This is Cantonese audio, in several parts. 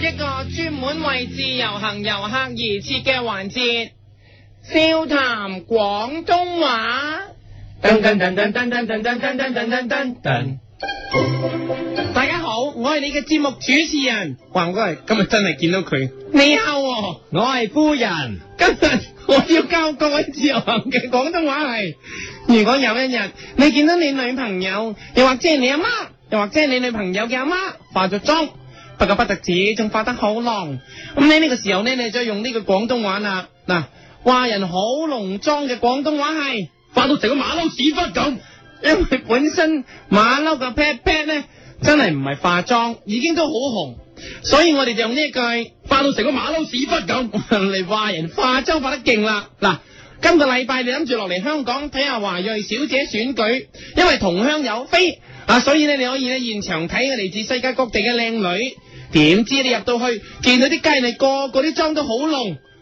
一個專門為自由行遊客而設嘅環節，笑談廣東話。噔噔噔噔噔噔噔噔噔噔噔噔噔。大家好，我係你嘅節目主持人。橫哥係今日真係見到佢。你好，我係夫人。今日我要教各位自由行嘅廣東話係，如果有一日你見到你女朋友，又或者係你阿媽，又或者係你女朋友嘅阿媽，化咗妝。不過不特止，仲化得好濃。咁你呢個時候呢，你再用呢句廣東話啦，嗱，話人好濃妝嘅廣東話係化到成個馬騮屎忽咁，因為本身馬騮嘅 pat pat 咧，真係唔係化妝，已經都好紅，所以我哋就用呢句化到成個馬騮屎忽咁嚟話人化妝化得勁啦。嗱，今個禮拜你諗住落嚟香港睇下華裔小姐選舉，因為同鄉有飛啊，所以咧你可以咧現場睇個嚟自世界各地嘅靚女。點知你入到去，見到啲雞泥個個啲妝都好濃。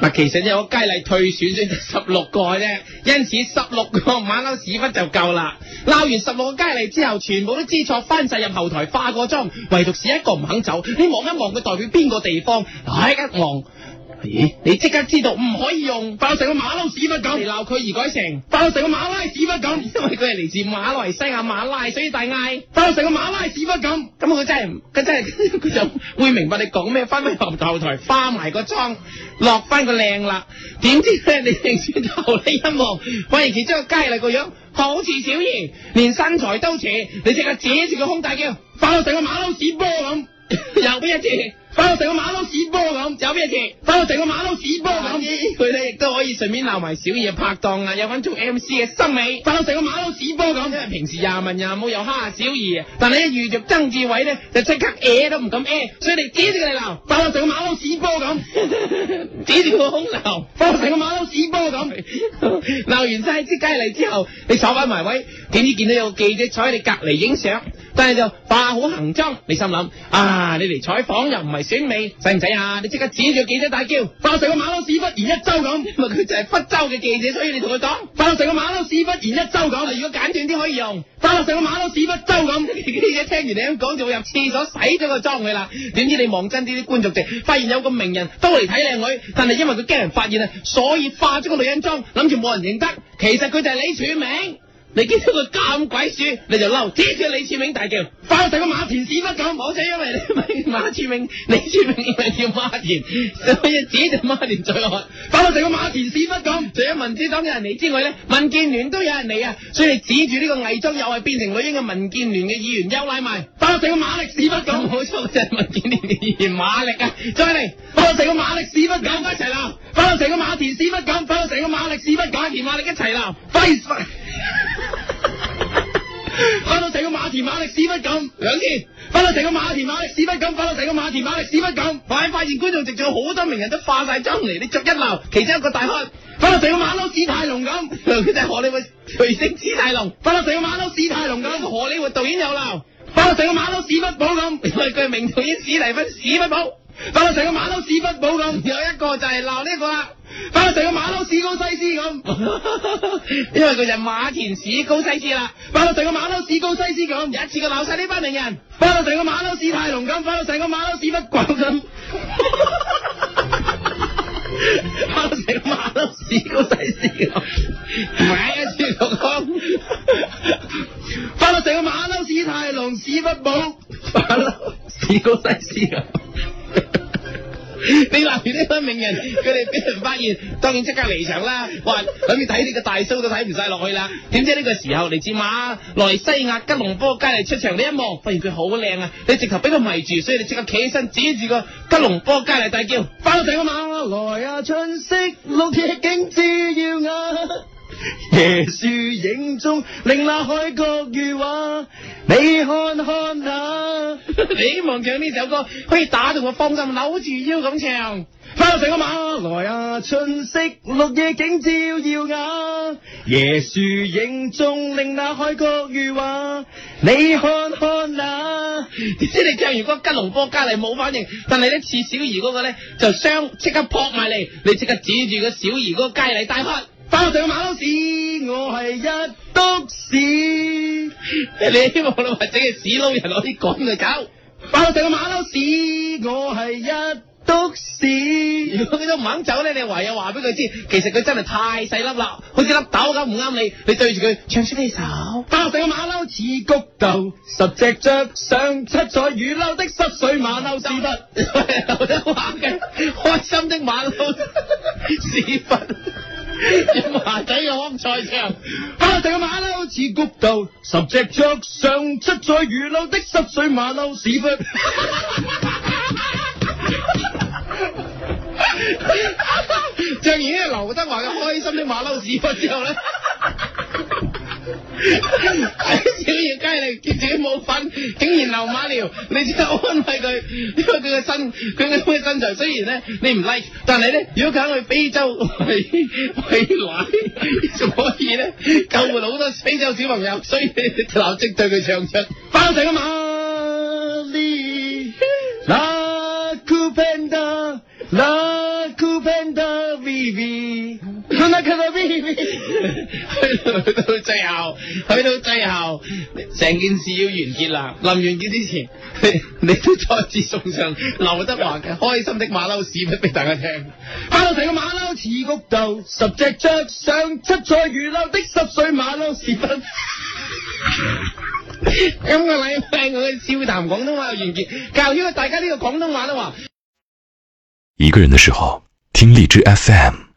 嗱，其實有個佳麗退選先十六個啫，因此十六個馬騮屎忽就夠啦。鬧完十六個佳麗之後，全部都知錯翻晒入後台化個妝，唯獨是一個唔肯走。你望一望佢代表邊個地方，第一望。咦？你即刻知道唔可以用，爆成個馬騮屎忽咁而鬧佢而改成，爆成個馬拉屎忽咁，因為佢係嚟自馬來西亞馬拉，所以大嗌，爆成個馬拉屎忽咁。咁佢真係，佢真係，佢就會明白你講咩。翻返，後後台，化埋個妝，落翻個靚啦。點知咧？你嚟到呢一幕，反而其中個佳麗個樣好似小儀，連身材都似，你即刻扯住個胸大叫，爆成個馬騮屎波咁。 有邊一次發到成個馬騮屎波咁？有邊一次發到成個馬騮屎波咁？佢哋亦都可以順便鬧埋小儀嘅拍檔啊，有份做 M C 嘅森美發到成個馬騮屎波咁。因為平時廿文廿武又蝦小儀，但係一遇着曾志偉咧，就即刻誒都唔敢誒，所以你指住佢哋嚟鬧，發到成個馬騮屎波咁， 指住個胸嚟鬧，發到成個馬騮屎波咁。鬧 完晒啲雞嚟之後，你坐翻埋位，點知見到有個記者坐喺你隔籬影相？但係就化好行裝，你心諗啊，你嚟採訪又唔係選美，使唔使啊？你即刻指住記者大叫，化成個馬騮屎忽然一周咁，咪佢就係忽周嘅記者，所以你同佢講，化到成個馬騮屎忽然一周咁。如果簡短啲可以用，化到成個馬騮屎忽周咁，記 者聽完你咁講就會入廁所洗咗個妝佢啦。點知你望真啲啲觀眾席，發現有個名人都嚟睇靚女，但係因為佢驚人發現啊，所以化咗個女人妝，諗住冇人認得，其實佢就係李柱銘。你見到個咁鬼鼠，你就嬲，指住李柱銘大叫，翻到成個馬田屎忽咁，唔好啫。因為你，馬柱銘、李柱銘以為叫馬田，所以指就馬田再外，翻到成個馬田屎忽咁。除咗民主黨有人嚟之外咧，民建聯都有人嚟啊，所以你指住呢個偽裝又係變成女英嘅民建聯嘅議員，又拉埋，翻到成個馬力屎忽咁，冇錯，即係民建聯嘅議員馬力啊，再嚟，翻到成個馬力屎忽咁，一齊啦，翻到成個馬田屎忽咁，屎不假，田馬力一齊鬧，face 翻到成個馬田馬力屎忽咁，兩天翻到成個馬田馬力屎忽咁，翻到成個馬田馬力屎忽咁，快快點，觀眾，仲有好多名人都化晒妝嚟，你逐一鬧，其中一個大開，翻到成個馬騮史泰龍咁，佢就係荷里活錘石史泰龍，翻到成個馬騮史泰龍咁，荷里活導演又鬧，翻到成個馬騮史匹堡咁，佢係名導演史提芬，史匹堡。發到成個馬騮屎忽寶咁，有一個就係鬧呢一個啦，發到成個馬騮屎高西斯咁， 因為佢就馬田屎高西斯啦，發到成個馬騮屎高西斯咁，一次過鬧晒呢班名人，發到成個馬騮屎太龍咁，發到成個馬騮屎忽寶咁， 發到成個馬騮屎高西斯咁，唔係一次過咁，發到成個馬騮屎太龍屎忽寶， 馬騮屎 高西斯啊！ 你話呢位名人佢哋俾人發現，當然即刻離場啦。哇，咁你睇你個大嫂都睇唔晒落去啦。點知呢個時候嚟接嘛？馬來西亞吉隆坡佳麗出場，你一望發現佢好靚啊！你直頭俾佢迷住，所以你即刻企起身指住個吉隆坡佳麗大叫：翻到地上啊嘛！來啊，春色綠野景致耀眼、啊。椰樹影中，令那海角如畫。你看看啊， 你望住呢首歌可以打動我，放心扭住腰咁唱。翻到嚟啊嘛，來啊！春色綠野景照耀啊！椰樹影中，令那海角如畫。你看看啊，那， 知你唱完歌，吉隆坡佳麗冇反應，但係咧似小儀嗰個咧就雙即刻撲埋嚟，你即刻指住個小儀嗰個佳麗大開。包上馬騮屎，我係一督屎！你希望你或整係屎佬人攞啲，趕佢走。包上馬騮屎，我係一督屎。 如果佢都唔肯走咧，你唯有話俾佢知，其實佢真係太細粒啦，好似粒豆咁，唔啱你。你對住佢唱出呢首。包上馬騮似谷豆，十隻雀上七彩雨褸的濕水馬騮屎忽。又一話嘅開心的馬騮屎忽。只、 啊、馬仔響菜場，哈！成個馬騮似谷道，十隻腳上七彩魚露的濕水馬騮屎忽。 正如係劉德華嘅開心的馬騮屎忽之後呢。小野雞你見自己冇份，竟然流馬尿，你只係安慰佢，因為佢嘅身，佢嘅咩身材，雖然咧你唔 like，但係咧如果佢去非洲，係未來仲可以咧，救活好多非洲小朋友，所以立即對佢唱出包仔啊嘛。 去到最後，去到最後，成件事要完結啦。臨完結之前，你，你都再次送上劉德華嘅《開心的馬騮屎》俾大家聽。Hello 成個馬騮似谷豆，十隻着上七彩魚笠的十歲馬騮屎忽。今個禮拜我嘅笑談廣東話又完結，教曉大家呢個廣東話啦。一個人嘅時候，聽荔枝 FM。